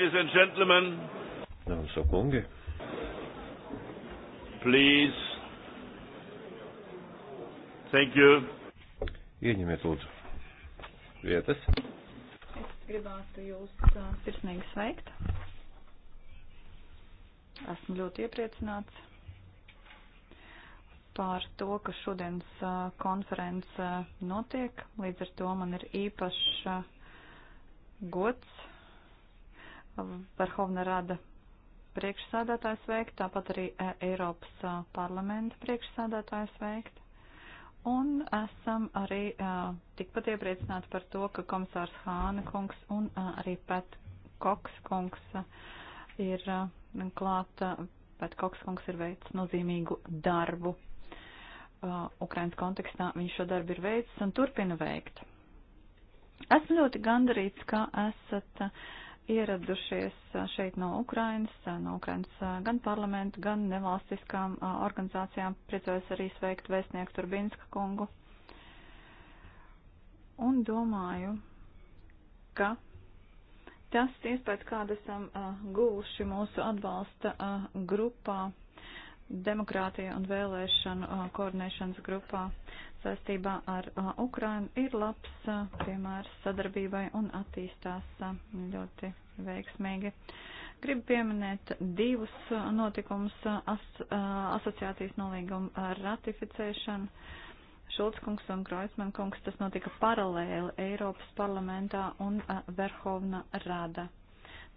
Ladies and gentlemen, dāmas un kungi, please, thank you. Ieņemiet lūdzu vietas. Es gribētu jūs uh, sirsnīgi sveikt. Esmu ļoti iepriecināts par to, ka šodienas uh, konference uh, notiek. Līdz ar to man ir īpašs uh, gods Verhovna Rada priekšsādātājs veikt, tāpat arī e, Eiropas parlamenta priekšsādātājs veikt. Un esam arī uh, tikpat iepriecināti par to, ka komisārs Hāna kungs un uh, arī Pēt Koks kungs uh, ir uh, klāt. Uh, Pēt Koks kungs ir veicis nozīmīgu darbu. Uh, Ukrainas kontekstā viņš šo darbu ir veicis un turpina veikt. Esmu ļoti gandarīts, ka esat. Uh, ieradušies šeit no Ukrainas, no Ukrainas gan parlamentu, gan nevalstiskām organizācijām. Priecājos arī sveikt vēstnieku Turbinska kungu. Un domāju, ka tas iespējas, kādu esam uh, guvuši mūsu atbalsta uh, grupā, demokrātija un vēlēšanu uh, koordinēšanas grupā, saistībā ar uh, Ukrainu ir labs uh, piemērs sadarbībai un attīstās uh, ļoti veiksmīgi. Gribu pieminēt divus uh, notikumus uh, as, uh, asociācijas nolīguma uh, ratificēšanu. Šulckungs un Kreuzman kungs tas notika paralēli Eiropas parlamentā un uh, Verhovna Rada.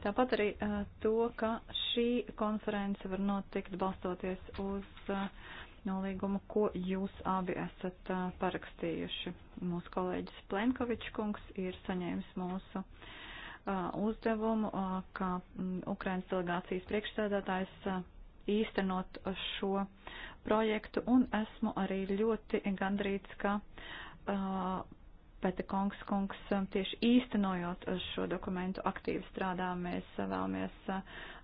Tāpat arī uh, to, ka šī konference var notikt balstoties uz uh, nolīgumu, ko jūs abi esat parakstījuši. Mūsu kolēģis Plenkovičs kungs ir saņēmis mūsu uzdevumu, kā Ukrainas delegācijas priekšsēdētājs īstenot šo projektu, un esmu arī ļoti gandrīz, ka Pēta Kongs kungs um, tieši īstenojot uh, šo dokumentu aktīvi strādā. Mēs uh, vēlamies uh,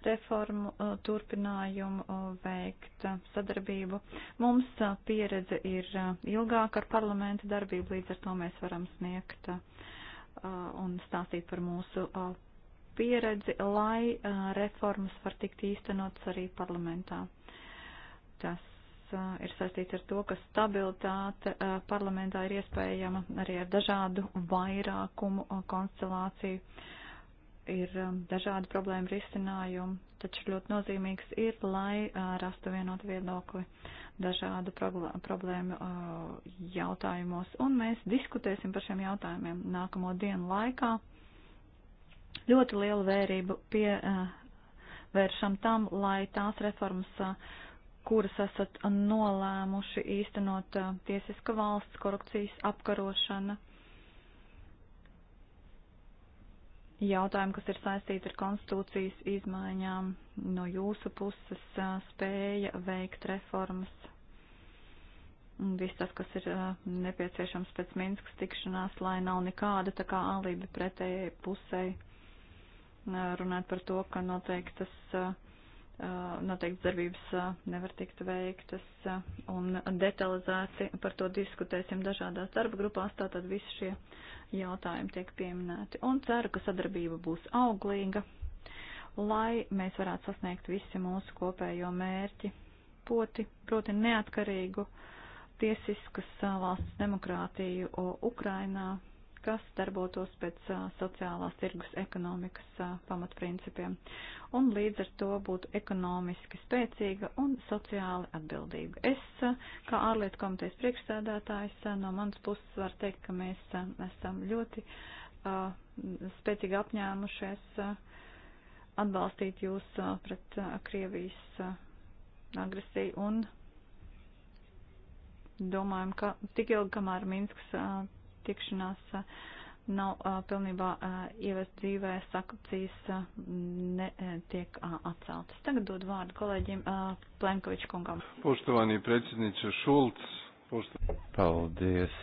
reformu turpinājumu veikt sadarbību. Mums pieredze ir ilgāka ar parlamentu darbību, līdz ar to mēs varam sniegt un stāstīt par mūsu pieredzi, lai reformas var tikt īstenotas arī parlamentā. Tas ir saistīts ar to, ka stabilitāte parlamentā ir iespējama arī ar dažādu vairākumu konstelāciju. Ir dažādi problēma risinājumi, taču ļoti nozīmīgs ir, lai rastu vienotu viedokli dažādu problēmu jautājumos. Un mēs diskutēsim par šiem jautājumiem nākamo dienu laikā. Ļoti lielu vērību pievēršam tam, lai tās reformas kuras esat nolēmuši īstenot tiesiska valsts korupcijas apkarošana. Jautājumi, kas ir saistīti ar konstitūcijas izmaiņām, no jūsu puses spēja veikt reformas. Viss tas, kas ir nepieciešams pēc Minskas tikšanās, lai nav nekāda tā kā alība pretējai pusei. Runāt par to, ka noteiktas uh, Eh, noteikts darbības eh, nevar tikt veiktas eh, un detalizēti par to diskutēsim dažādās darba grupās, tātad visi šie jautājumi tiek pieminēti. Un ceru, ka sadarbība būs auglīga, lai mēs varētu sasniegt visi mūsu kopējo mērķi, poti, proti neatkarīgu tiesiskas valsts demokrātiju Ukrainā kas darbotos pēc sociālās tirgus ekonomikas pamatprincipiem, un līdz ar to būtu ekonomiski spēcīga un sociāli atbildīga. Es, kā ārlietu komitejas priekšsēdētājs, no manas puses varu teikt, ka mēs esam ļoti spēcīgi apņēmušies atbalstīt jūs pret Krievijas agresiju un domājam, ka tik ilgi, kamēr Minskas tikšanās nav pilnībā ievest dzīvē, sakacīs netiek e, atceltas. Tagad dod vārdu kolēģim Plenkoviču kungam. Poštovani predsjedniče Šulc. Poštu... Paldies.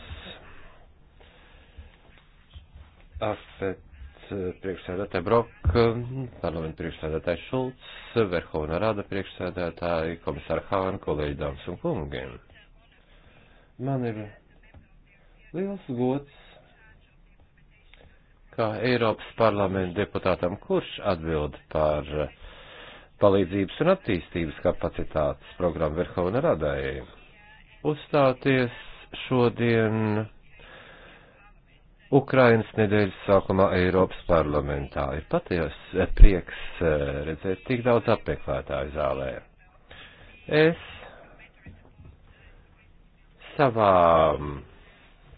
Afet e, priekšsēdētāja Broka, parlamenta priekšsēdētāja Šulcs, Verhovna Rada priekšsēdētāja, komisāra Hāna, kolēģi dāmas un kungiem. Man ir Liels gods kā Eiropas parlamenta deputātam, kurš atbild par eh, palīdzības un attīstības kapacitātes programmu Verhovna Radai. Uzstāties šodien Ukrainas nedēļas sākumā Eiropas parlamentā. Ir paties eh, prieks eh, redzēt tik daudz apmeklētāju zālē. Es savām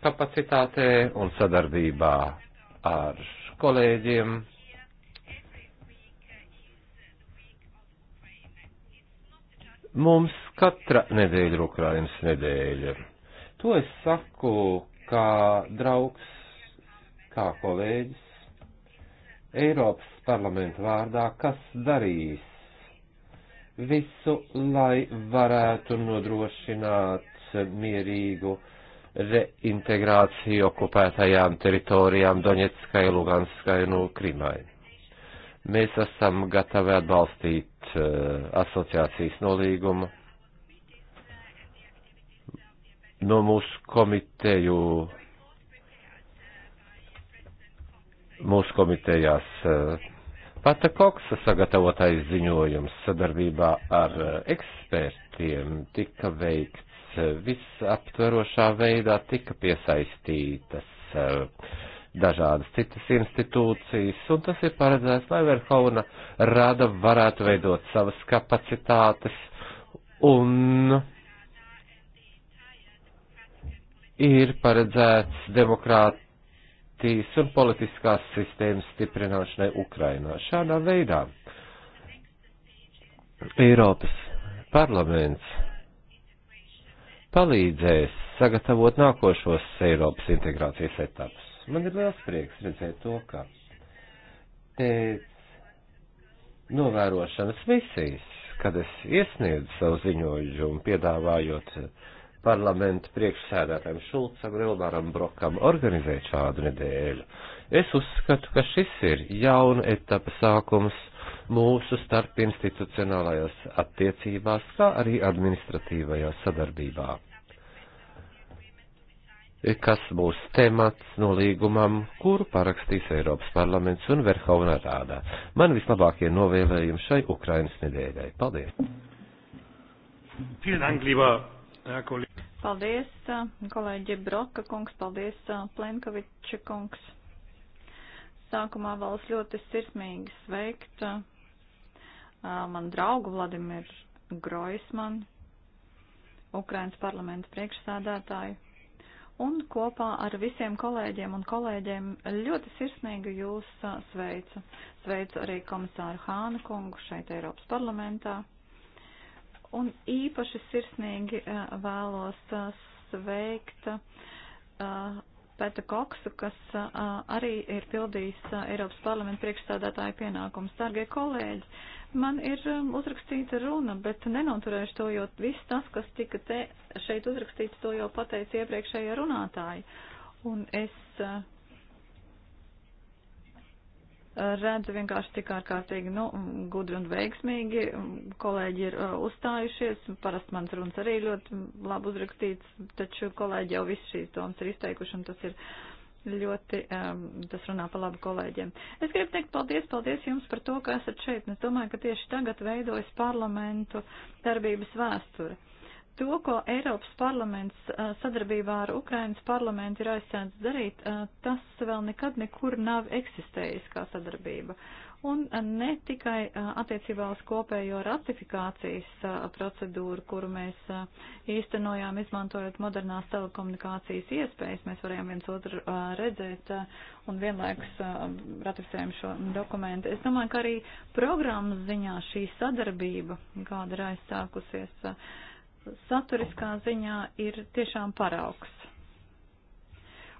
kapacitātē un sadarbībā ar kolēģiem. Mums katra nedēļa ir Ukrainas nedēļa. To es saku kā draugs, kā kolēģis, Eiropas parlamenta vārdā, kas darīs visu, lai varētu nodrošināt mierīgu reintegrāciju okupētajām teritorijām Doņetskai, Luganskai un nu, no Krimai. Mēs esam gatavi atbalstīt uh, asociācijas nolīgumu. No mūsu komiteju mūsu komitejās eh, pata Koksa sagatavotais ziņojums sadarbībā ar eh, ekspertiem tika veikt visaptverošā veidā tika piesaistītas eh, dažādas citas institūcijas, un tas ir paredzēts, lai Verhovna rada varētu veidot savas kapacitātes un ir paredzēts demokrātijas un politiskās sistēmas stiprināšanai Ukrainā. Šādā veidā Eiropas parlaments palīdzēs sagatavot nākošos Eiropas integrācijas etapus. Man ir liels prieks redzēt to, ka pēc novērošanas misijas, kad es iesniedzu savu ziņojumu, piedāvājot parlamentu priekšsēdētājiem Šulcam, Lielbāram Brokam organizēt šādu nedēļu, es uzskatu, ka šis ir jauna etapa sākums mūsu starp institucionālajās attiecībās, kā arī administratīvajā sadarbībā. Kas būs temats no līgumam, kuru parakstīs Eiropas parlaments un Verhovna rādā? Man vislabākie novēlējumi šai Ukrainas nedēļai. Paldies! Paldies, eh, kolēģi Broka kungs, paldies, eh, Plenkoviča kungs sākumā vēlas ļoti sirsnīgi sveikt eh, manu draugu Vladimiru Groismanu, Ukrainas parlamenta priekšsādātāju, un kopā ar visiem kolēģiem un kolēģiem ļoti sirsnīgi jūs sveicu. Sveicu arī komisāru Hānu kungu šeit Eiropas parlamentā, un īpaši sirsnīgi vēlos sveikt Pēta Koksu, kas arī ir pildījis Eiropas parlamenta priekšstādātāja pienākums. Dargie kolēģi, man ir uzrakstīta runa, bet nenoturēšu to, jo viss tas, kas tika te, šeit uzrakstīts, to jau pateica iepriekšējā runātāja. Un es uh, redzu vienkārši cik ārkārtīgi nu, gudri un veiksmīgi kolēģi ir uh, uzstājušies. Parasti mans runas arī ļoti labi uzrakstīts, taču kolēģi jau visu šīs domas ir izteikuši un tas ir ļoti, um, tas runā par labu kolēģiem. Es gribu teikt paldies, paldies jums par to, ka esat šeit. Es domāju, ka tieši tagad veidojas parlamentu darbības vēsture. To, ko Eiropas parlaments sadarbībā ar Ukrainas parlamentu ir aizsēdz darīt, tas vēl nekad nekur nav eksistējis kā sadarbība. Un ne tikai attiecībā uz kopējo ratifikācijas procedūru, kuru mēs īstenojām, izmantojot modernās telekomunikācijas iespējas, mēs varējām viens otru redzēt un vienlaikus ratificējam šo dokumentu. Es domāju, ka arī programmas ziņā šī sadarbība, kāda ir aizsākusies, saturiskā ziņā ir tiešām paraugs.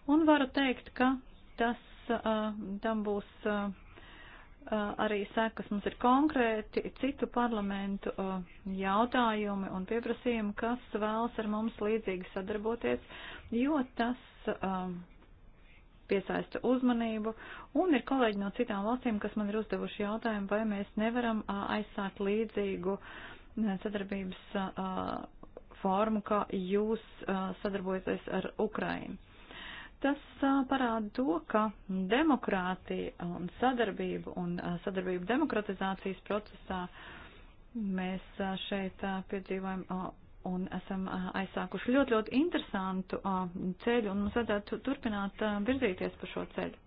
Un varu teikt, ka tas uh, tam būs uh, arī sekas. Mums ir konkrēti citu parlamentu uh, jautājumi un pieprasījumi, kas vēlas ar mums līdzīgi sadarboties, jo tas. Uh, piesaista uzmanību, un ir kolēģi no citām valstīm, kas man ir uzdevuši jautājumu, vai mēs nevaram aizsākt līdzīgu sadarbības formu, kā jūs sadarbojaties ar Ukrainu. Tas parāda to, ka demokrātija un sadarbība un sadarbība demokratizācijas procesā mēs šeit piedzīvojam un esam aizsākuši ļoti, ļoti interesantu ceļu un mums vajadzētu turpināt virzīties pa šo ceļu.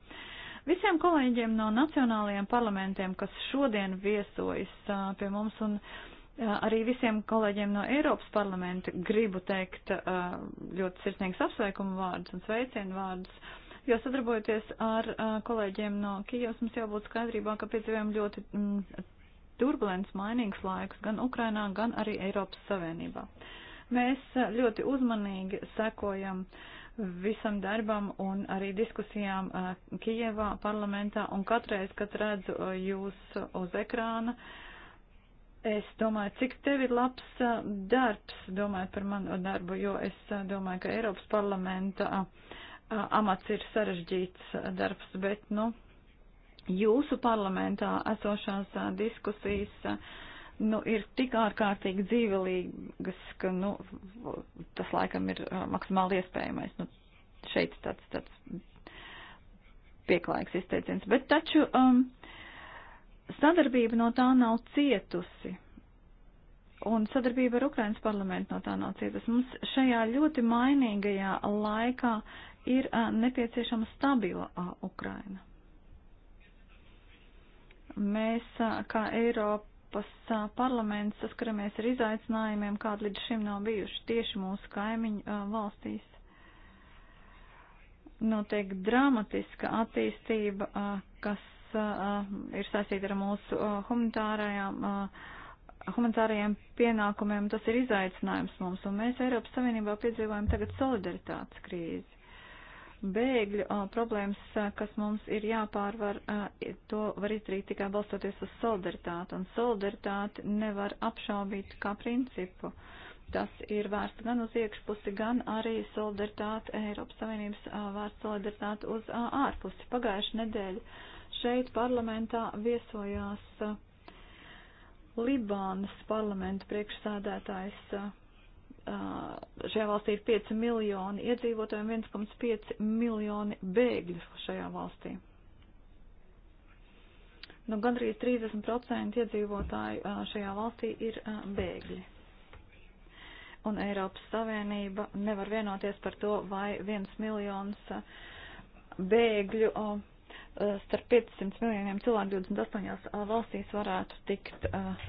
Visiem kolēģiem no nacionālajiem parlamentiem, kas šodien viesojas pie mums un uh, Eh, arī visiem kolēģiem no Eiropas parlamenta gribu teikt eh, ļoti sirsnīgs apsveikumu vārdus un sveicienu vārdus, jo sadarbojoties ar eh, kolēģiem no Kijos mums jau būtu skaidrībā, ka piedzīvējam ļoti mm, turbulents, mainīgs laiks gan Ukrainā, gan arī Eiropas Savienībā. Mēs ļoti uzmanīgi sekojam visam darbam un arī diskusijām Kijevā parlamentā un katreiz, kad redzu jūs uz ekrāna, uh, Es domāju, cik tev ir labs darbs, domājot par manu darbu, jo es domāju, ka Eiropas parlamenta amats ir sarežģīts darbs, bet, nu, jūsu parlamentā esošās diskusijas, nu, ir tik ārkārtīgi dzīvelīgas, ka, nu, tas laikam ir maksimāli iespējamais. Nu, šeit tāds, tāds pieklājīgs izteiciens. Bet taču. Um, Sadarbība no tā nav cietusi. Un sadarbība ar Ukrainas parlamentu no tā nav cietusi. Mums šajā ļoti mainīgajā laikā ir nepieciešama stabila Ukraina. Mēs, kā Eiropas parlaments, saskaramies ar izaicinājumiem, kādi līdz šim nav bijuši tieši mūsu kaimiņu valstīs. Notiek dramatiska attīstība, kas uh, ir saistīta ar mūsu uh, humanitārajām. Uh, humanitārajiem pienākumiem tas ir izaicinājums mums, un mēs Eiropas Savienībā piedzīvojam tagad solidaritātes krīzi. Bēgļu o, uh, problēmas, uh, kas mums ir jāpārvar, a, uh, to var izdarīt tikai balstoties uz solidaritāti, un solidaritāti nevar apšaubīt kā principu. Tas ir vērsts gan uz iekšpusi, gan arī solidaritāti, Eiropas Savienības vērsts solidaritāti uz a, ārpusi. Pagājuši nedēļu šeit parlamentā viesojās uh, Libānas parlamenta priekšsādātājs. Uh, uh, šajā valstī ir 5 miljoni iedzīvotāji un 1,5 miljoni bēgļu šajā valstī. Nu, gandrīz 30% iedzīvotāju šajā valstī ir bēgļi un Eiropas Savienība nevar vienoties par to, vai viens miljons bēgļu Eh, starp 500 miljoniem cilvēku 28 eh, valstīs varētu tikt uh,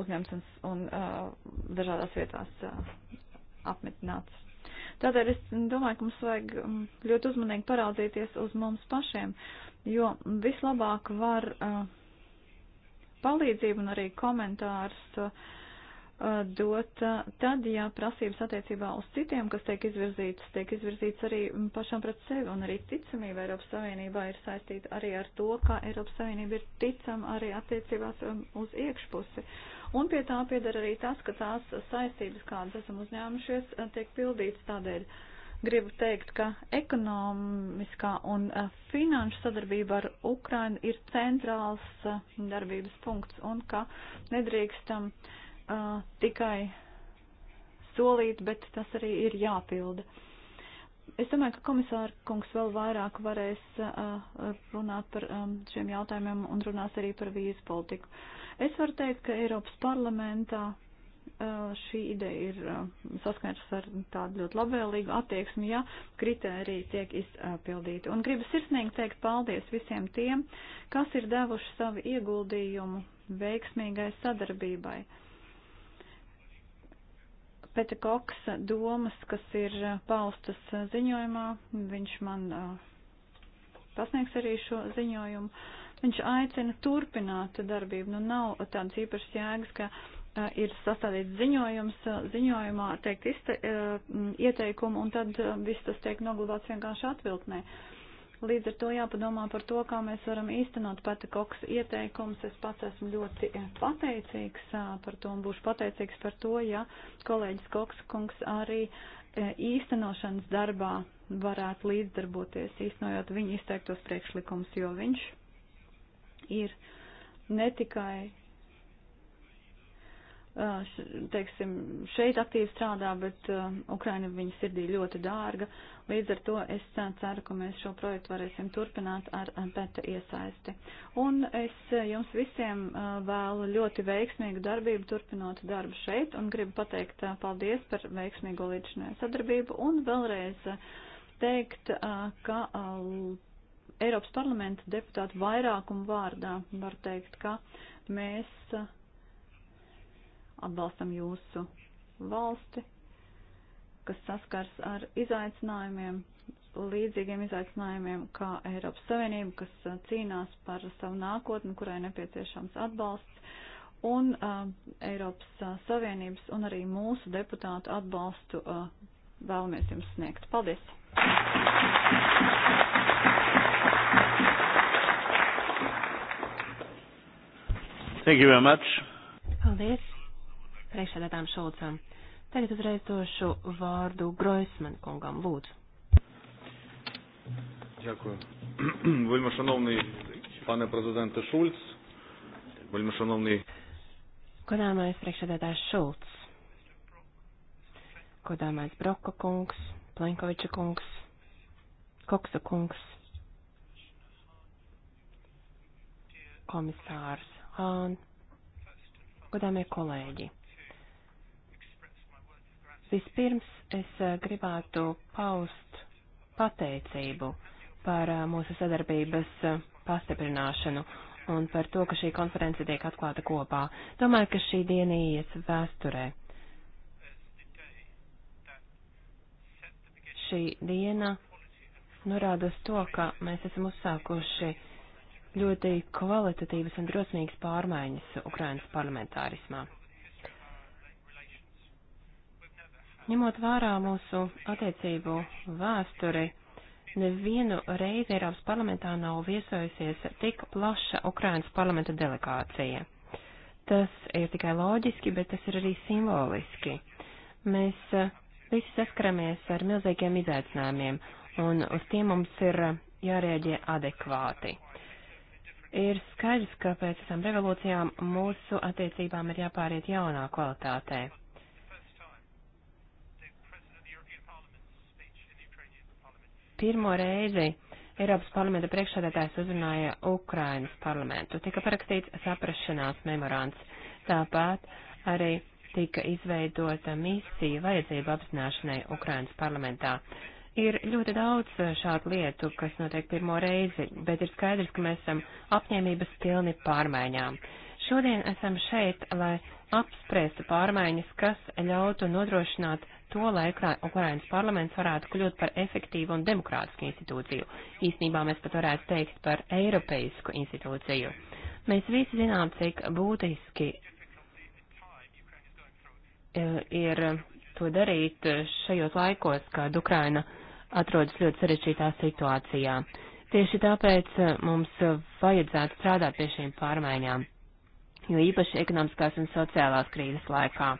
uzņemts un, un uh, dažādās vietās uh, apmetināts. Tādēļ es domāju, ka mums vajag mm, ļoti uzmanīgi paraudzīties uz mums pašiem, jo vislabāk var uh, palīdzību un arī komentārus uh, Uh, dot uh, tad, ja prasības attiecībā uz citiem, kas tiek izvirzītas, tiek izvirzītas arī mm, pašam pret sevi, un arī ticamība Eiropas Savienībā ir saistīta arī ar to, kā Eiropas Savienība ir ticama arī attiecībās um, uz iekšpusi. Un pie tā piedara arī tas, ka tās saistības, kādas esam uzņēmušies, uh, tiek pildītas tādēļ. Gribu teikt, ka ekonomiskā un finanšu sadarbība ar Ukrainu ir centrāls darbības punkts un ka nedrīkstam uh, uh, tikai solīt, bet tas arī ir jāpilda. Es domāju, ka komisāra kungs vēl vairāk varēs uh, runāt par um, šiem jautājumiem un runās arī par vīzu politiku. Es varu teikt, ka Eiropas parlamentā šī ideja ir saskaņots ar tādu ļoti labvēlīgu attieksmi, ja kritēriji tiek izpildīti. Un gribu sirsnīgi teikt paldies visiem tiem, kas ir devuši savu ieguldījumu veiksmīgai sadarbībai. Pēta Koksa domas, kas ir eh, paustas eh, ziņojumā, viņš man eh, pasniegs arī šo ziņojumu. Viņš aicina turpināt darbību. Nu, nav tādas īpašas jēgas, ka uh, ir sastādīts ziņojums, uh, ziņojumā teikt izte, uh, ieteikumu, un tad uh, viss tas tiek noglabāts vienkārši atviltnē. Uh, Līdz ar to jāpadomā par to, kā mēs varam īstenot pati koks ieteikums. Es pats esmu ļoti eh, pateicīgs par to un būšu pateicīgs par to, ja kolēģis koks kungs arī eh, īstenošanas darbā varētu līdzdarboties, īstenojot viņa izteiktos priekšlikumus, jo viņš ir ne tikai teiksim, šeit aktīvi strādā, bet Ukraina viņa sirdī ļoti dārga. Līdz ar to es ceru, ka mēs šo projektu varēsim turpināt ar PETA iesaisti. Un es jums visiem vēlu ļoti veiksmīgu darbību, turpinot darbu šeit, un gribu pateikt paldies par veiksmīgo līdzinājumu sadarbību, un vēlreiz teikt, ka Eiropas parlamenta deputātu vairākumu vārdā var teikt, ka mēs atbalstam jūsu valsti, kas saskars ar izaicinājumiem, līdzīgiem izaicinājumiem kā Eiropas Savienība, kas uh, cīnās par savu nākotni, kurai nepieciešams atbalsts, un uh, Eiropas uh, Savienības un arī mūsu deputātu atbalstu uh, vēlamies jums sniegt. Paldies! Thank you very much. Paldies priekšsēdētājiem Šulcam. Tagad uzreiz došu vārdu Groisman kungam. Lūdzu. Дякую. Вельми шановний пане президенте Шульц, вельми шановний. Godāmais priekšsēdētājs Šulcs, godāmais Broka kungs, Plenkoviča kungs, Koksa kungs, komisārs Hān, godāmie kolēģi. Vispirms es eh, gribētu paust pateicību par eh, mūsu sadarbības eh, pastiprināšanu un par to, ka šī konference tiek atklāta kopā. Domāju, ka šī diena ies vēsturē. Šī diena norāda uz to, ka mēs esam uzsākuši ļoti kvalitatīvas un drosmīgas pārmaiņas Ukrainas parlamentārismā. Ņemot vērā mūsu attiecību vēsturi, nevienu reizi Eiropas parlamentā nav viesojusies tik plaša Ukrainas parlamenta delegācija. Tas ir tikai loģiski, bet tas ir arī simboliski. Mēs eh, visi saskaramies ar milzīgiem izaicinājumiem, un uz tiem mums ir eh, jārēģē adekvāti. Ir skaidrs, ka pēc visām revolūcijām mūsu attiecībām ir jāpāriet jaunā kvalitātē. pirmo reizi Eiropas parlamenta priekšsēdētājs uzrunāja Ukrainas parlamentu. Tika parakstīts saprašanās memorands. Tāpat arī tika izveidota misija vajadzību apzināšanai Ukrainas parlamentā. Ir ļoti daudz šādu lietu, kas notiek pirmo reizi, bet ir skaidrs, ka mēs esam apņēmības pilni pārmaiņām. Šodien esam šeit, lai apspriestu pārmaiņas, kas ļautu nodrošināt to, lai Ukrainas parlaments varētu kļūt par efektīvu un demokrātisku institūciju. Īsnībā mēs pat varētu teikt par eiropeisku institūciju. Mēs visi zinām, cik būtiski e, ir to darīt šajos laikos, kad Ukraina atrodas ļoti sarežģītā situācijā. Tieši tāpēc e, mums vajadzētu strādāt pie šīm pārmaiņām, jo īpaši ekonomiskās un sociālās krīzes laikā.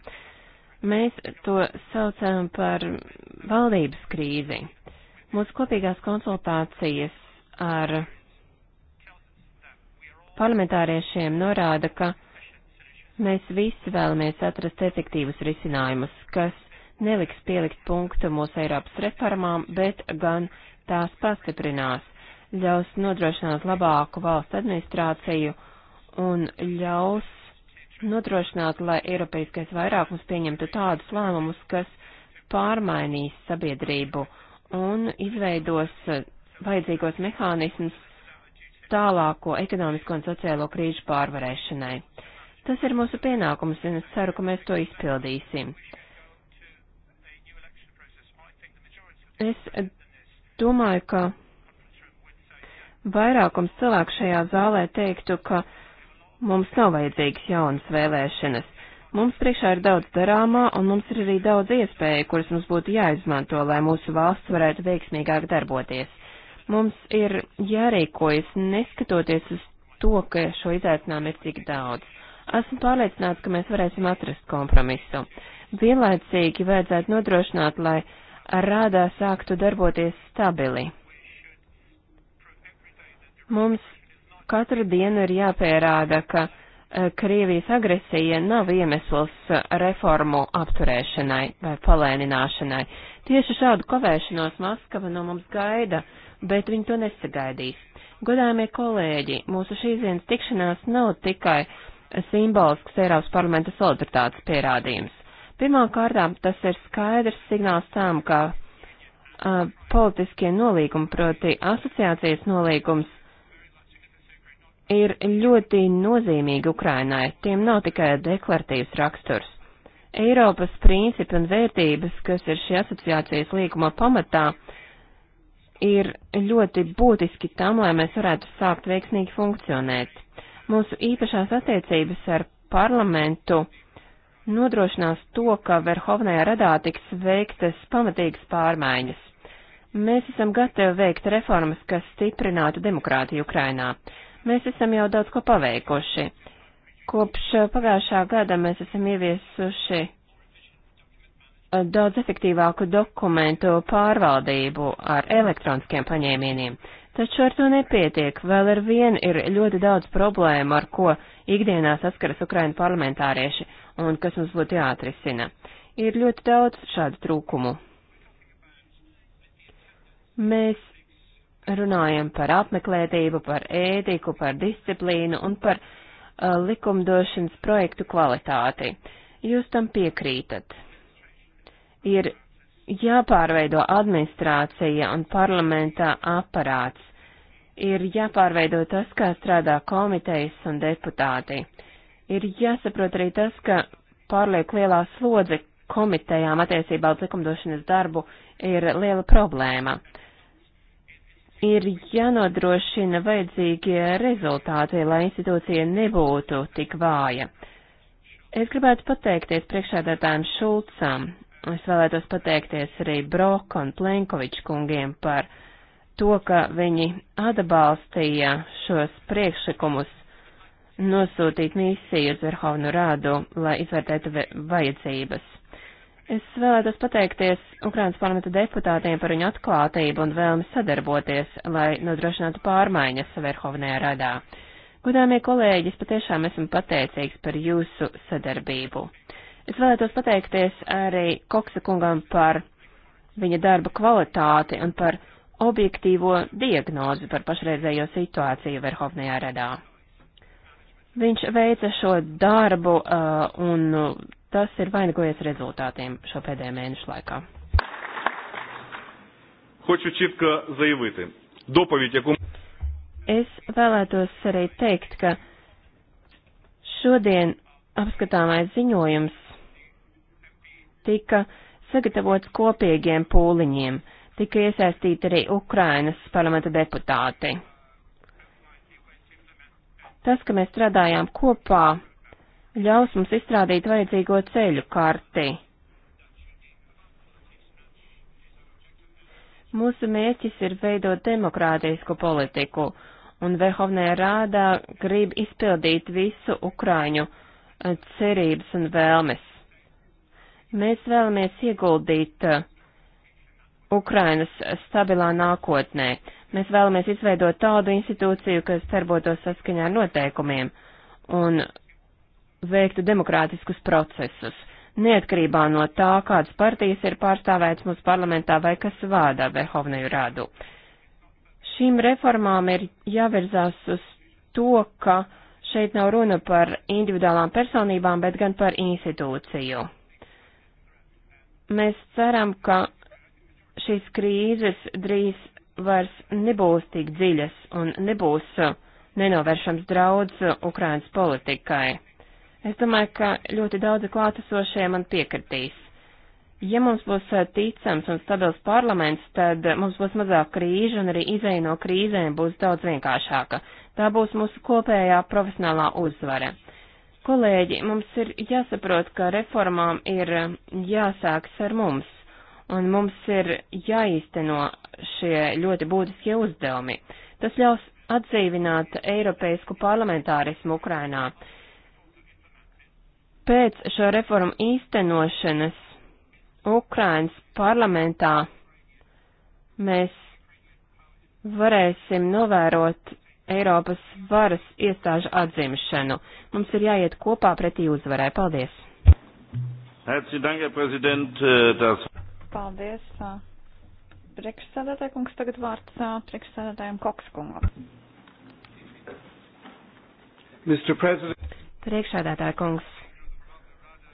Mēs to saucam par valdības krīzi. Mūsu kopīgās konsultācijas ar parlamentāriešiem norāda, ka mēs visi vēlamies atrast efektīvus risinājumus, kas neliks pielikt punktu mūsu Eiropas reformām, bet gan tās pastiprinās, ļaus nodrošināt labāku valsts administrāciju un ļaus nodrošināt, lai Eiropeiskais vairākums pieņemtu tādus lēmumus, kas pārmainīs sabiedrību un izveidos eh, vajadzīgos mehānismus tālāko ekonomisko un sociālo krīžu pārvarēšanai. Tas ir mūsu pienākums, un es ceru, ka mēs to izpildīsim. Es domāju, ka vairākums cilvēku šajā zālē teiktu, ka uh, Mums nav vajadzīgas jaunas vēlēšanas. Mums priekšā ir daudz darāmā, un mums ir arī daudz iespēju, kuras mums būtu jāizmanto, lai mūsu valsts varētu veiksmīgāk darboties. Mums ir jārīkojas neskatoties uz to, ka šo izaicinājumu ir tik daudz. Esmu pārliecināts, ka mēs varēsim atrast kompromisu. Vienlaicīgi vajadzētu nodrošināt, lai rādā sāktu darboties stabili. Mums katru dienu ir jāpierāda, ka e, Krievijas agresija nav iemesls reformu apturēšanai vai palēnināšanai. Tieši šādu kavēšanos Maskava no mums gaida, bet viņi to nesagaidīs. Godāmie kolēģi, mūsu šīs dienas tikšanās nav tikai simbolisks Eiropas parlamenta solidaritātes pierādījums. Pirmām kārtām tas ir skaidrs signāls tam, ka uh, politiskie nolīgumi, proti asociācijas nolīgums, ir ļoti nozīmīgi Ukrainai. Tiem nav tikai deklaratīvs raksturs. Eiropas principi un vērtības, kas ir šī asociācijas līguma pamatā, ir ļoti būtiski tam, lai mēs varētu sākt veiksmīgi funkcionēt. Mūsu īpašās attiecības ar parlamentu nodrošinās to, ka Verhovnajā radā tiks veiktas pamatīgas pārmaiņas. Mēs esam gatavi veikt reformas, kas stiprinātu demokrātiju Ukrainā. Mēs esam jau daudz ko paveikuši. Kopš eh, pagājušā gada mēs esam ieviesuši eh, daudz efektīvāku dokumentu pārvaldību ar elektroniskiem paņēmieniem. Taču ar to nepietiek, vēl ar vienu ir ļoti daudz problēmu, ar ko ikdienā saskaras Ukraina parlamentārieši un kas mums būtu jāatrisina. Ir ļoti daudz šādu trūkumu. Mēs runājam par apmeklētību, par ētiku, par disciplīnu un par uh, likumdošanas projektu kvalitāti. Jūs tam piekrītat. Ir jāpārveido administrācija un parlamentā aparāts. Ir jāpārveido tas, kā strādā komitejas un deputāti. Ir jāsaprot arī tas, ka pārliek lielā slodze komitejām attiecībā uz likumdošanas darbu ir liela problēma. Uh, ir jānodrošina vajadzīgie rezultāti, lai institūcija nebūtu tik vāja. Es gribētu pateikties priekšādātājiem Šulcam, es vēlētos pateikties arī Brok un Plenkoviču kungiem par to, ka viņi atbalstīja šos priekšlikumus nosūtīt misiju uz Verhovnu Rādu, lai izvērtētu vajadzības. Es vēlētos pateikties Ukrainas parlamenta deputātiem par viņu atklātību un vēlmi sadarboties, lai nodrošinātu pārmaiņas Verhovnajā radā. Godāmie kolēģi, es patiešām esmu pateicīgs par jūsu sadarbību. Es vēlētos pateikties arī Koksa kungam par viņa darba kvalitāti un par objektīvo diagnozi par pašreizējo situāciju Verhovnajā radā. Viņš veica šo darbu uh, un tas ir vainagojies rezultātiem šo pēdējo mēnešu laikā. Хочу чітко заявити. Доповідь, яку Es vēlētos arī teikt, ka šodien apskatāmais ziņojums tika sagatavots kopīgiem pūliņiem, tika iesaistīti arī Ukrainas parlamenta deputāti. Tas, ka mēs strādājām kopā, ļaus mums izstrādīt vajadzīgo ceļu karti. Mūsu mērķis ir veidot demokrātisku politiku, un Vehovnē rādā grib izpildīt visu Ukraiņu eh, cerības un vēlmes. Mēs vēlamies ieguldīt eh, Ukrainas stabilā nākotnē. Mēs vēlamies izveidot tādu institūciju, kas darbotos saskaņā ar noteikumiem, un veiktu demokrātiskus procesus, neatkarībā no tā, kādas partijas ir pārstāvēts mūsu parlamentā vai kas vādā Behovneju rādu. Šīm reformām ir jāvirzās uz to, ka šeit nav runa par individuālām personībām, bet gan par institūciju. Mēs ceram, ka šīs krīzes drīz vairs nebūs tik dziļas un nebūs nenovēršams draudz Ukrainas politikai. Es domāju, ka ļoti daudzi klātesošie man piekritīs. Ja mums būs eh, ticams un stabils parlaments, tad eh, mums būs mazāk krīžu un arī izēja no krīzēm būs daudz vienkāršāka. Tā būs mūsu kopējā profesionālā uzvara. Kolēģi, mums ir jāsaprot, ka reformām ir eh, jāsāks ar mums, un mums ir jāīsteno šie ļoti būtiskie uzdevumi. Tas ļaus atdzīvināt Eiropeisku parlamentārismu Ukrainā. Pēc šo reformu īstenošanas Ukrainas parlamentā mēs varēsim novērot Eiropas varas iestāžu atzimšanu. Mums ir jāiet kopā pretī uzvarai. Paldies! Äh, Paldies! Priekšsēdētāji kungs tagad vārds priekšsēdētājiem Kokskungam. Priekšsēdētāji kungs,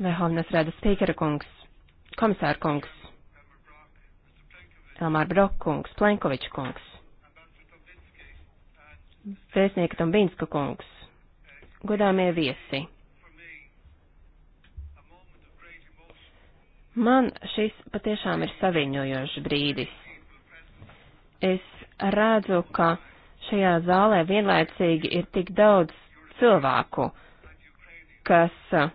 Vehovnas rada spīkera kungs, komisāra kungs, Elmār Brok kungs, Plenkovič kungs, Pēcnieka Tombinska kungs, godāmie viesi. Man šis patiešām ir saviņojošs brīdis. Es redzu, ka šajā zālē vienlaicīgi ir tik daudz cilvēku, kas uh,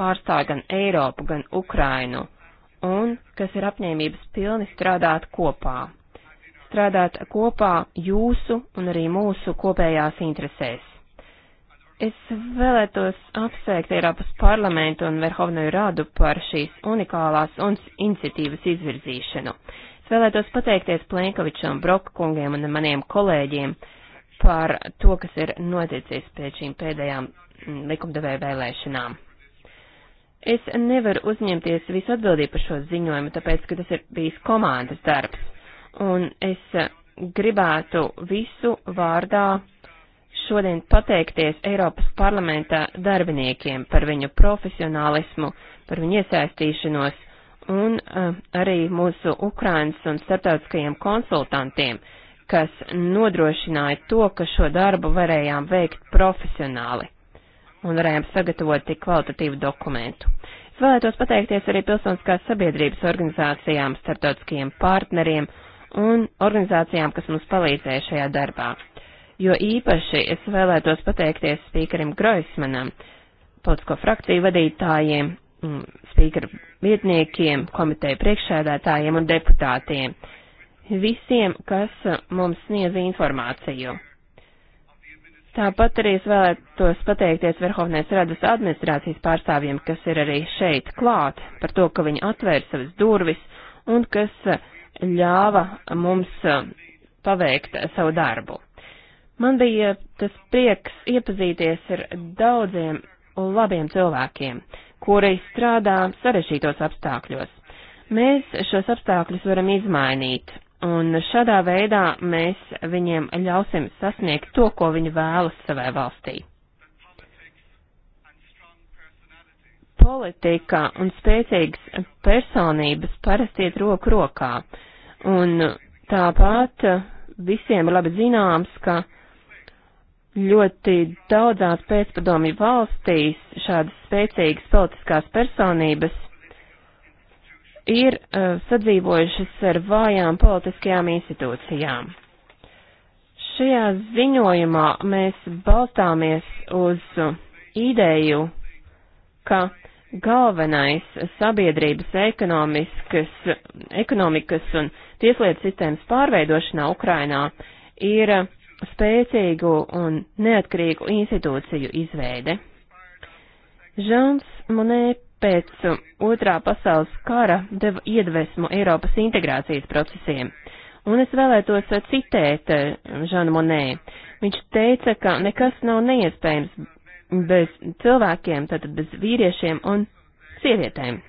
pārstāv gan Eiropu, gan Ukrainu, un kas ir apņēmības pilni strādāt kopā. Strādāt kopā jūsu un arī mūsu kopējās interesēs. Es vēlētos apsveikt Eiropas parlamentu un Verhovnoju rādu par šīs unikālās un iniciatīvas izvirzīšanu. Es vēlētos pateikties Plenkovičam, Brokkungiem un maniem kolēģiem par to, kas ir noticis pēc šīm pēdējām mm, likumdevēja vēlēšanām. Es nevaru uzņemties visu atbildību par šo ziņojumu, tāpēc, ka tas ir bijis komandas darbs. Un es eh, gribētu visu vārdā šodien pateikties Eiropas parlamenta darbiniekiem par viņu profesionālismu, par viņu iesaistīšanos un uh, arī mūsu Ukrainas un starptautiskajiem konsultantiem, kas nodrošināja to, ka šo darbu varējām veikt profesionāli un varējām sagatavot tik kvalitatīvu dokumentu. Es vēlētos pateikties arī pilsoniskās sabiedrības organizācijām, starptautiskajiem partneriem un organizācijām, kas mums palīdzēja šajā darbā. Jo īpaši es vēlētos pateikties spīkerim Groismanam, politisko frakciju vadītājiem, mm, spīkeru vietniekiem, komiteju priekšsēdētājiem un deputātiem. Visiem, kas mums sniedz informāciju. Tāpat arī es vēlētos pateikties Verhovnēs Radas administrācijas pārstāvjiem, kas ir arī šeit klāt, par to, ka viņi atvēra savas durvis un kas eh, ļāva mums eh, paveikt eh, savu darbu. Man bija tas prieks iepazīties ar daudziem labiem cilvēkiem, kuri strādā sarežģītos apstākļos. Mēs šos apstākļus varam izmainīt, Un šādā veidā mēs viņiem ļausim sasniegt to, ko viņi vēlas savai valstī. Politika un spēcīgas personības parasti iet roku rokā. Un tāpat visiem ir labi zināms, ka ļoti daudzās pēcpadomju valstīs šādas spēcīgas politiskās personības ir uh, sadzīvojušas ar vājām politiskajām institūcijām. Šajā ziņojumā mēs balstāmies uz ideju, ka galvenais sabiedrības ekonomiskas, ekonomikas un tieslietu sistēmas pārveidošanā Ukrainā ir spēcīgu un neatkarīgu institūciju izveide. Žans Monē pēc um, otrā pasaules kara deva iedvesmu Eiropas integrācijas procesiem. Un es vēlētos uh, citēt uh, Žanu Monē. Viņš teica, ka nekas nav neiespējams bez cilvēkiem, tātad bez vīriešiem un sievietēm.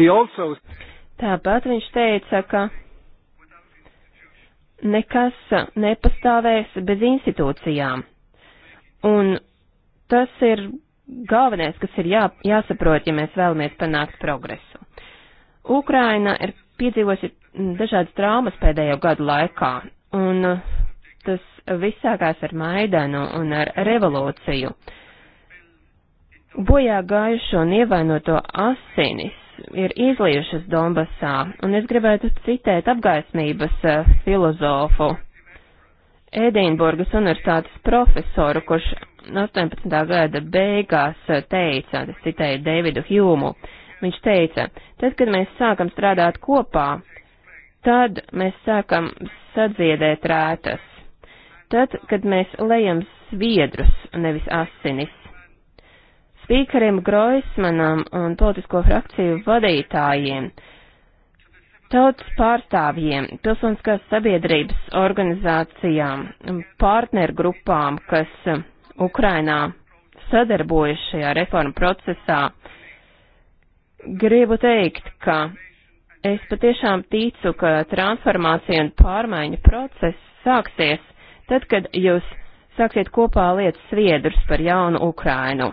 Also... Tāpat viņš teica, ka nekas nepastāvēs bez institūcijām. Un tas ir galvenais, kas ir jā, jāsaprot, ja mēs vēlamies panākt progresu. Ukraina ir piedzīvojusi dažādas traumas pēdējo gadu laikā, un uh, tas vissākās ar Maidanu un ar revolūciju. Bojā gājušo un ievainoto asinis ir izlījušas Donbasā, un es gribētu citēt apgaismības uh, filozofu Edinburgas universitātes profesoru, kurš 18. gada beigās eh, teica, es citēju Davidu Hjūmu, viņš teica, tad, kad mēs sākam strādāt kopā, tad mēs sākam sadziedēt rētas, tad, kad mēs lejam sviedrus, nevis asinis. Spīkariem Groismanam un politisko frakciju vadītājiem tautas pārstāvjiem, pilsoniskās sabiedrības organizācijām, partnergrupām, kas eh, Ukrainā sadarbojas šajā reformu procesā, gribu teikt, ka es patiešām ticu, ka transformācija un pārmaiņu process sāksies tad, kad jūs sāksiet kopā lietas viedrus par jaunu Ukrainu.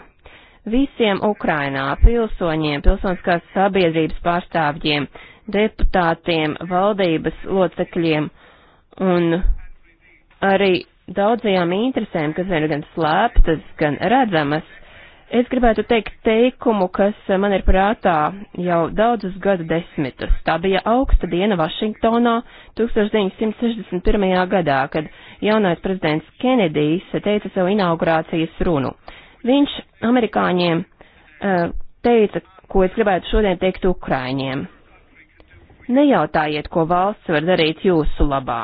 Visiem Ukrainā pilsoņiem, pilsoniskās sabiedrības pārstāvjiem, deputātiem, valdības locekļiem un arī daudzajām interesēm, kas ir gan slēptas, gan redzamas. Es gribētu teikt teikumu, kas man ir prātā jau daudzus gadu desmitus. Tā bija augsta diena Vašingtonā 1961. gadā, kad jaunais prezidents Kenedijs teica savu inaugurācijas runu. Viņš amerikāņiem uh, teica, ko es gribētu šodien teikt ukraiņiem. Nejautājiet, ko valsts var darīt jūsu labā.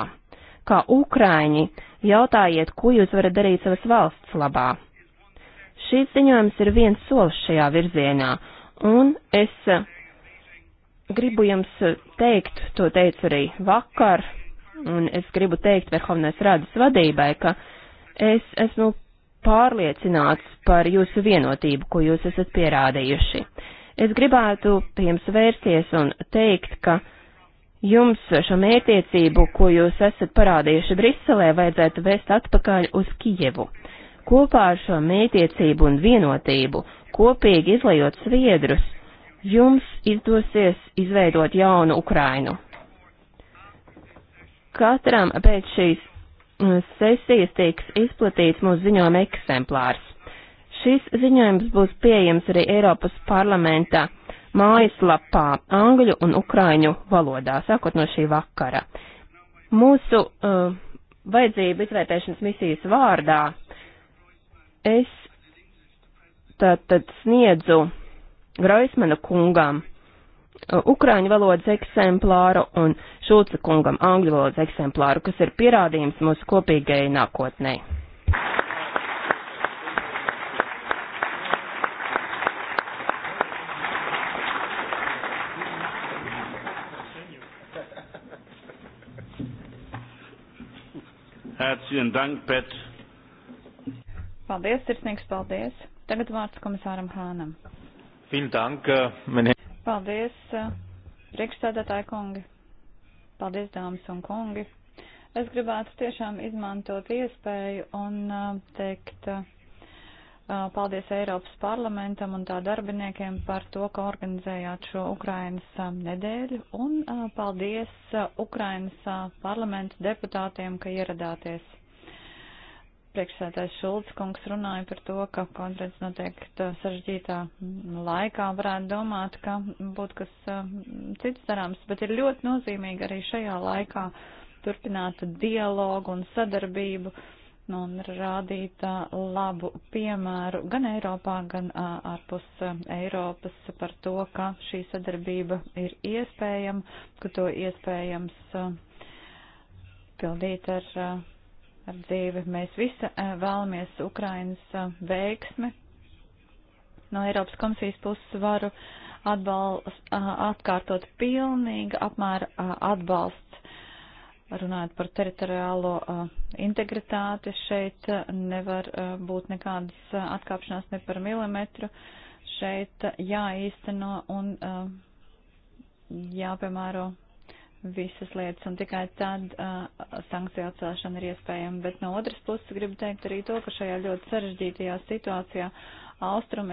Kā Ukraiņi, jautājiet, ko jūs varat darīt savas valsts labā. Šīs ziņojums ir viens solis šajā virzienā, un es eh, gribu jums eh, teikt, to teicu arī vakar, un es gribu teikt Verhovnais rādas vadībai, ka es esmu pārliecināts par jūsu vienotību, ko jūs esat pierādījuši. Es gribētu pie jums vērsties un teikt, ka jums šo mērķtiecību, ko jūs esat parādījuši Briselē, vajadzētu vēst atpakaļ uz Kijevu. Kopā ar šo mērķtiecību un vienotību, kopīgi izlējot sviedrus, jums izdosies izveidot jaunu Ukrainu. Katram pēc šīs mm, sesijas tiks izplatīts mūsu ziņojuma eksemplārs. Šis ziņojums būs pieejams arī Eiropas parlamentā mājaslapā angļu un ukraiņu valodā, sākot no šī vakara. Mūsu uh, vajadzību izvērtēšanas misijas vārdā es tātad sniedzu Graismana kungam uh, ukraiņu valodas eksemplāru un Šulca kungam angļu valodas eksemplāru, kas ir pierādījums mūsu kopīgai nākotnēji. Vielen Dank, Pet. Paldies, sirsnīgs paldies. Tagad vārds komisāram Hānam. Vielen Dank, äh, meine. Paldies, äh, priekšstādātāji kungi. Paldies, dāmas un kungi. Es gribētu tiešām izmantot iespēju un äh, teikt paldies Eiropas parlamentam un tā darbiniekiem par to, ka organizējāt šo Ukrainas nedēļu un paldies Ukrainas parlamenta deputātiem, ka ieradāties priekšsētājs Šulc kungs runāja par to, ka konferences notiek sarežģītā laikā, varētu domāt, ka būtu kas cits darāms, bet ir ļoti nozīmīgi arī šajā laikā turpināt dialogu un sadarbību un rādīt labu piemēru gan Eiropā, gan ārpus Eiropas par to, ka šī sadarbība ir iespējama, ka to iespējams pildīt ar ar dzīvi. Mēs visi eh, vēlamies Ukrainas eh, veiksmi. No Eiropas komisijas puses varu atbalst, eh, atkārtot pilnīga apmēra atbalsts, runājot par teritoriālo integritāti. Šeit nevar būt nekādas atkāpšanās ne par milimetru. Šeit jāīsteno un jāpiemēro visas lietas, un tikai tad uh, sankciju atcelšana ir iespējama. Bet no otras puses gribu teikt arī to, ka šajā ļoti sarežģītajā situācijā Austrum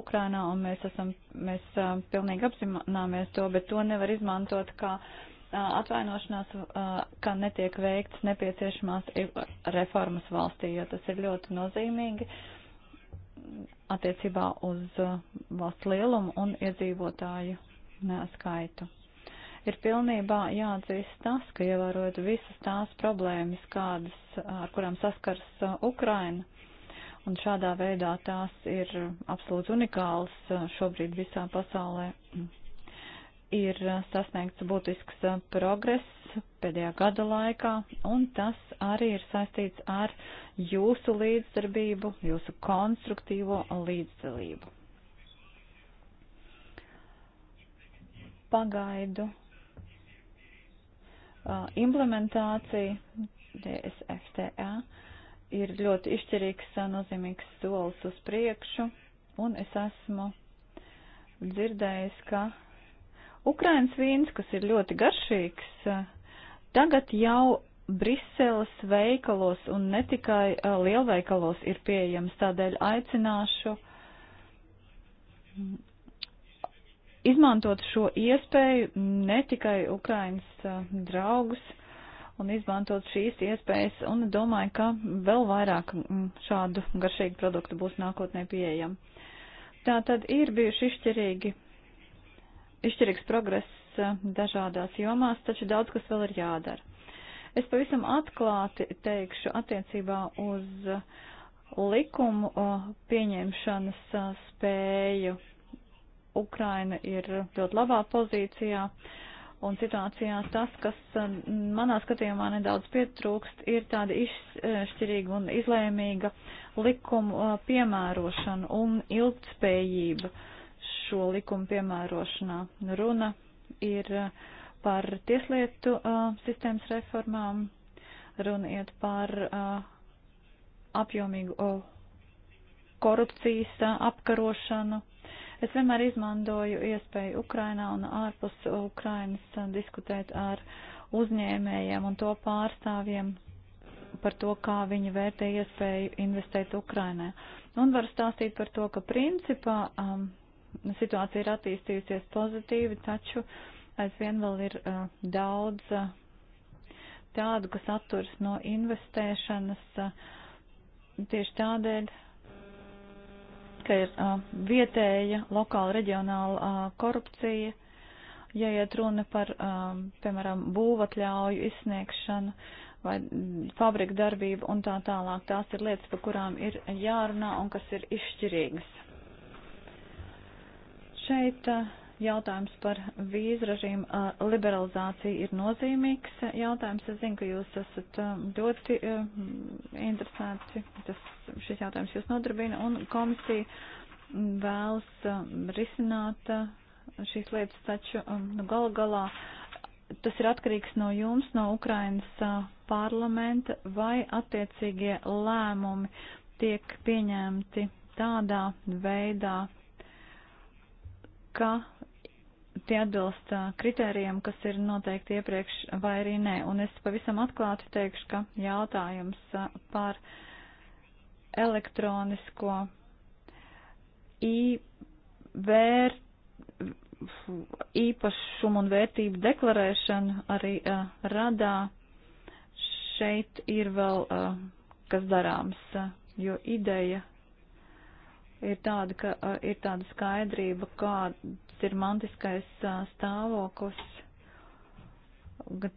Ukrainā, un mēs, esam, mēs uh, pilnīgi apzināmies to, bet to nevar izmantot kā uh, atvainošanās, uh, ka netiek veikts nepieciešamās reformas valstī, jo tas ir ļoti nozīmīgi attiecībā uz uh, valsts lielumu un iedzīvotāju neskaitu ir pilnībā jāatzīst tas, ka ievērojot visas tās problēmas, kādas, ar kurām saskars uh, Ukraina, un šādā veidā tās ir absolūti unikāls uh, šobrīd visā pasaulē, mm, ir uh, sasniegts būtisks progress pēdējā gada laikā, un tas arī ir saistīts ar jūsu līdzdarbību, jūsu konstruktīvo līdzdalību. Pagaidu implementācija DSFTA ir ļoti izšķirīgs, nozīmīgs solis uz priekšu, un es esmu dzirdējis, ka Ukrainas vīns, kas ir ļoti garšīgs, tagad jau Briseles veikalos un ne tikai lielveikalos ir pieejams, tādēļ aicināšu izmantot šo iespēju mm, ne tikai Ukrainas draugus un izmantot šīs iespējas un domāju, ka vēl vairāk mm, šādu garšīgu produktu būs nākotnē pieejama. Tā tad ir bijuši izšķirīgi, izšķirīgs progress dažādās jomās, taču daudz kas vēl ir jādara. Es pavisam atklāti teikšu attiecībā uz likumu pieņemšanas spēju Ukraina ir ļoti labā pozīcijā. Un situācijā tas, kas um, manā skatījumā nedaudz pietrūkst, ir tāda izšķirīga un izlēmīga likuma uh, piemērošana un ilgtspējība šo likumu piemērošanā. Runa ir uh, par tieslietu uh, sistēmas reformām, runa iet par apjomīgu korupcijas apkarošanu Es vienmēr izmantoju iespēju Ukrainā un ārpus Ukrainas diskutēt ar uzņēmējiem un to pārstāvjiem par to, kā viņi vērtē iespēju investēt Ukrainā. Un var stāstīt par to, ka principā um, situācija ir attīstījusies pozitīvi, taču aizvien vēl ir uh, daudz uh, tādu, kas atturas no investēšanas uh, tieši tādēļ, ka ir uh, vietēja, lokāla, reģionāla uh, korupcija, ja iet runa par, um, piemēram, būvatļauju izsniegšanu vai fabrika darbību un tā tālāk. Tās ir lietas, par kurām ir jārunā un kas ir izšķirīgas. Šeit uh, Jautājums par vīzu režīmu liberalizāciju ir nozīmīgs jautājums. Es zinu, ka jūs esat ļoti interesēti. Tas, šis jautājums jūs nodarbina un komisija vēlas risināt šīs lietas, taču nu, gala galā tas ir atkarīgs no jums, no Ukrainas parlamenta, vai attiecīgie lēmumi tiek pieņemti tādā veidā, ka tie atbilst kritērijiem, kas ir noteikti iepriekš vai arī nē. Un es pavisam atklāti teikšu, ka jautājums par elektronisko īvēr, īpašumu un vērtību deklarēšanu arī uh, radā. Šeit ir vēl uh, kas darāms, uh, jo ideja ir tāda, ka uh, ir tāda skaidrība, kā kāds ir mantiskais stāvoklis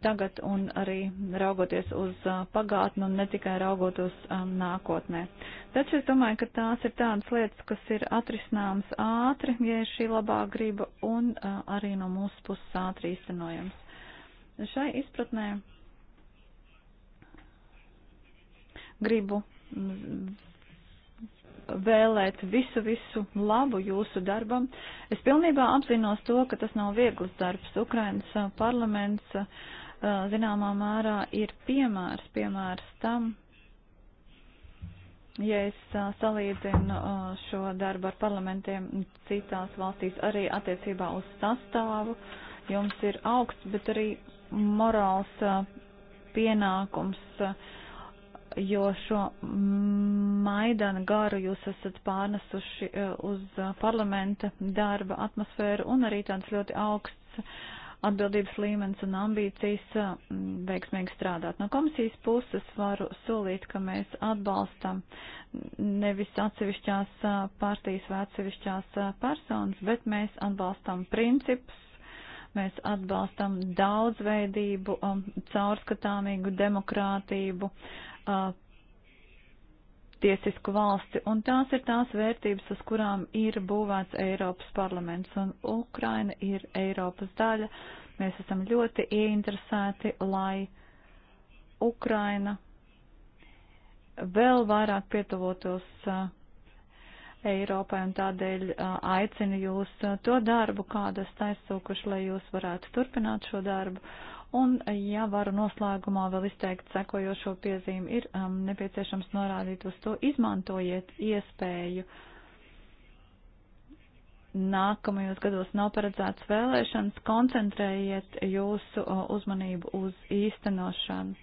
tagad un arī raugoties uz pagātni un ne tikai raugoties nākotnē. Taču es domāju, ka tās ir tādas lietas, kas ir atrisināmas ātri, ja ir šī labā griba un arī no mūsu puses ātri īstenojams. Šai izpratnē gribu vēlēt visu, visu labu jūsu darbam. Es pilnībā apzinos to, ka tas nav viegls darbs. Ukrainas uh, parlaments uh, zināmā mērā ir piemērs, piemērs tam, ja es uh, salīdzinu šo darbu ar parlamentiem citās valstīs, arī attiecībā uz sastāvu, jums ir augsts, bet arī morāls pienākums jo šo Maidana garu jūs esat pārnesuši eh, uz eh, parlamenta darba atmosfēru un arī tāds ļoti augsts atbildības līmenis un ambīcijas eh, veiksmīgi strādāt. No komisijas puses varu solīt, ka mēs atbalstam nevis atsevišķās partijas vai atsevišķās personas, bet mēs atbalstam principus, mēs atbalstam daudzveidību, caurskatāmīgu demokrātību, uh, Uh, tiesisku valsti, un tās ir tās vērtības, uz kurām ir būvēts Eiropas parlaments, un Ukraina ir Eiropas daļa. Mēs esam ļoti ieinteresēti, lai Ukraina vēl vairāk pietuvotos uh, Eiropai, un tādēļ uh, aicinu jūs to darbu, kādas taisūkuši, lai jūs varētu turpināt šo darbu Un, ja varu noslēgumā vēl izteikt sekojošo piezīmi, ir um, nepieciešams norādīt uz to, izmantojiet iespēju. Nākamajos gados nav paredzēts vēlēšanas, koncentrējiet jūsu uh, uzmanību uz īstenošanu.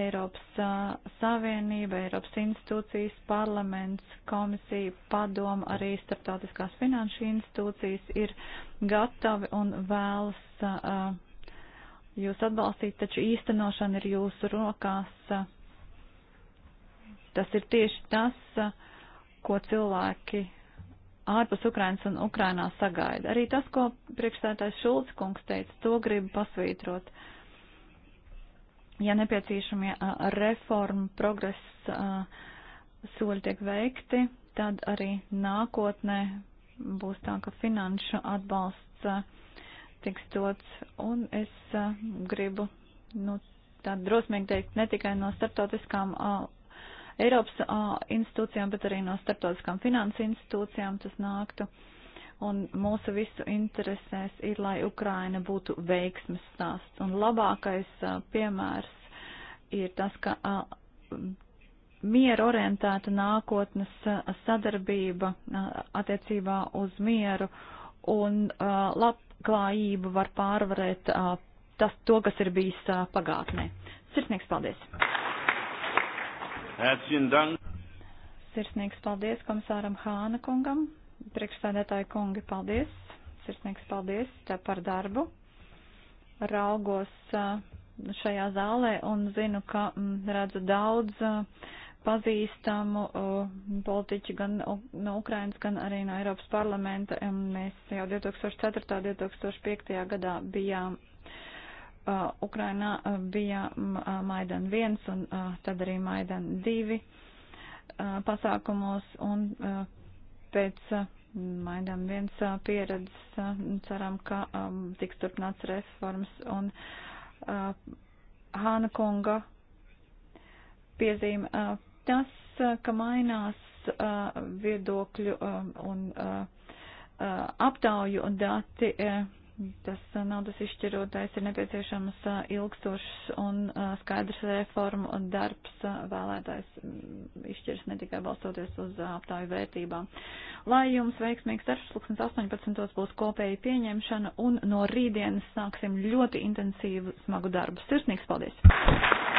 Eiropas uh, Savienība, Eiropas institūcijas, parlaments, komisija, padoma, arī starptautiskās finanšu institūcijas ir gatavi un vēlas. Uh, jūs atbalstīt, taču īstenošana ir jūsu rokās. Tas ir tieši tas, ko cilvēki ārpus Ukrainas un Ukrainā sagaida. Arī tas, ko priekšstādājs Šulc kungs teica, to gribu pasvītrot. Ja nepieciešamie reforma progress soļi tiek veikti, tad arī nākotnē būs tā, ka finanšu atbalsts tiks dots. Un es uh, gribu nu, tādu drosmīgi teikt ne tikai no starptautiskām uh, Eiropas uh, institūcijām, bet arī no starptautiskām finansu institūcijām tas nāktu. Un mūsu visu interesēs ir, lai Ukraina būtu veiksmes stāsts. Un labākais uh, piemērs ir tas, ka uh, mieru orientēta nākotnes sadarbība attiecībā uz mieru un lab, klājību var pārvarēt uh, tas, to, kas ir bijis uh, pagātnē. Sirsnīgs paldies! Sirsnīgs paldies komisāram Hāna kungam, priekšsēdētāju kungi, paldies! Sirsnīgs paldies par darbu! Raugos šajā zālē un zinu, ka mm, redzu daudz uh, pazīstamu politiķu gan no Ukrainas, gan arī no Eiropas parlamenta. Mēs jau 2004. 2005. gadā bijām Ukrainā, bijām Maidan 1 un tad arī Maidan 2 pasākumos un pēc Maidan 1 pieredzes ceram, ka tiks turpināts reformas un Hāna kunga piezīme Tas, ka mainās viedokļu un aptauju dati, tas naudas izšķirotais ir nepieciešams ilgstošs un skaidrs reformu darbs vēlētājs izšķirs ne tikai balstoties uz aptāju vērtībām. Lai jums veiksmīgs darbs, 2018. būs kopēja pieņemšana un no rītdienas sāksim ļoti intensīvu smagu darbu. Sirsnīgs paldies!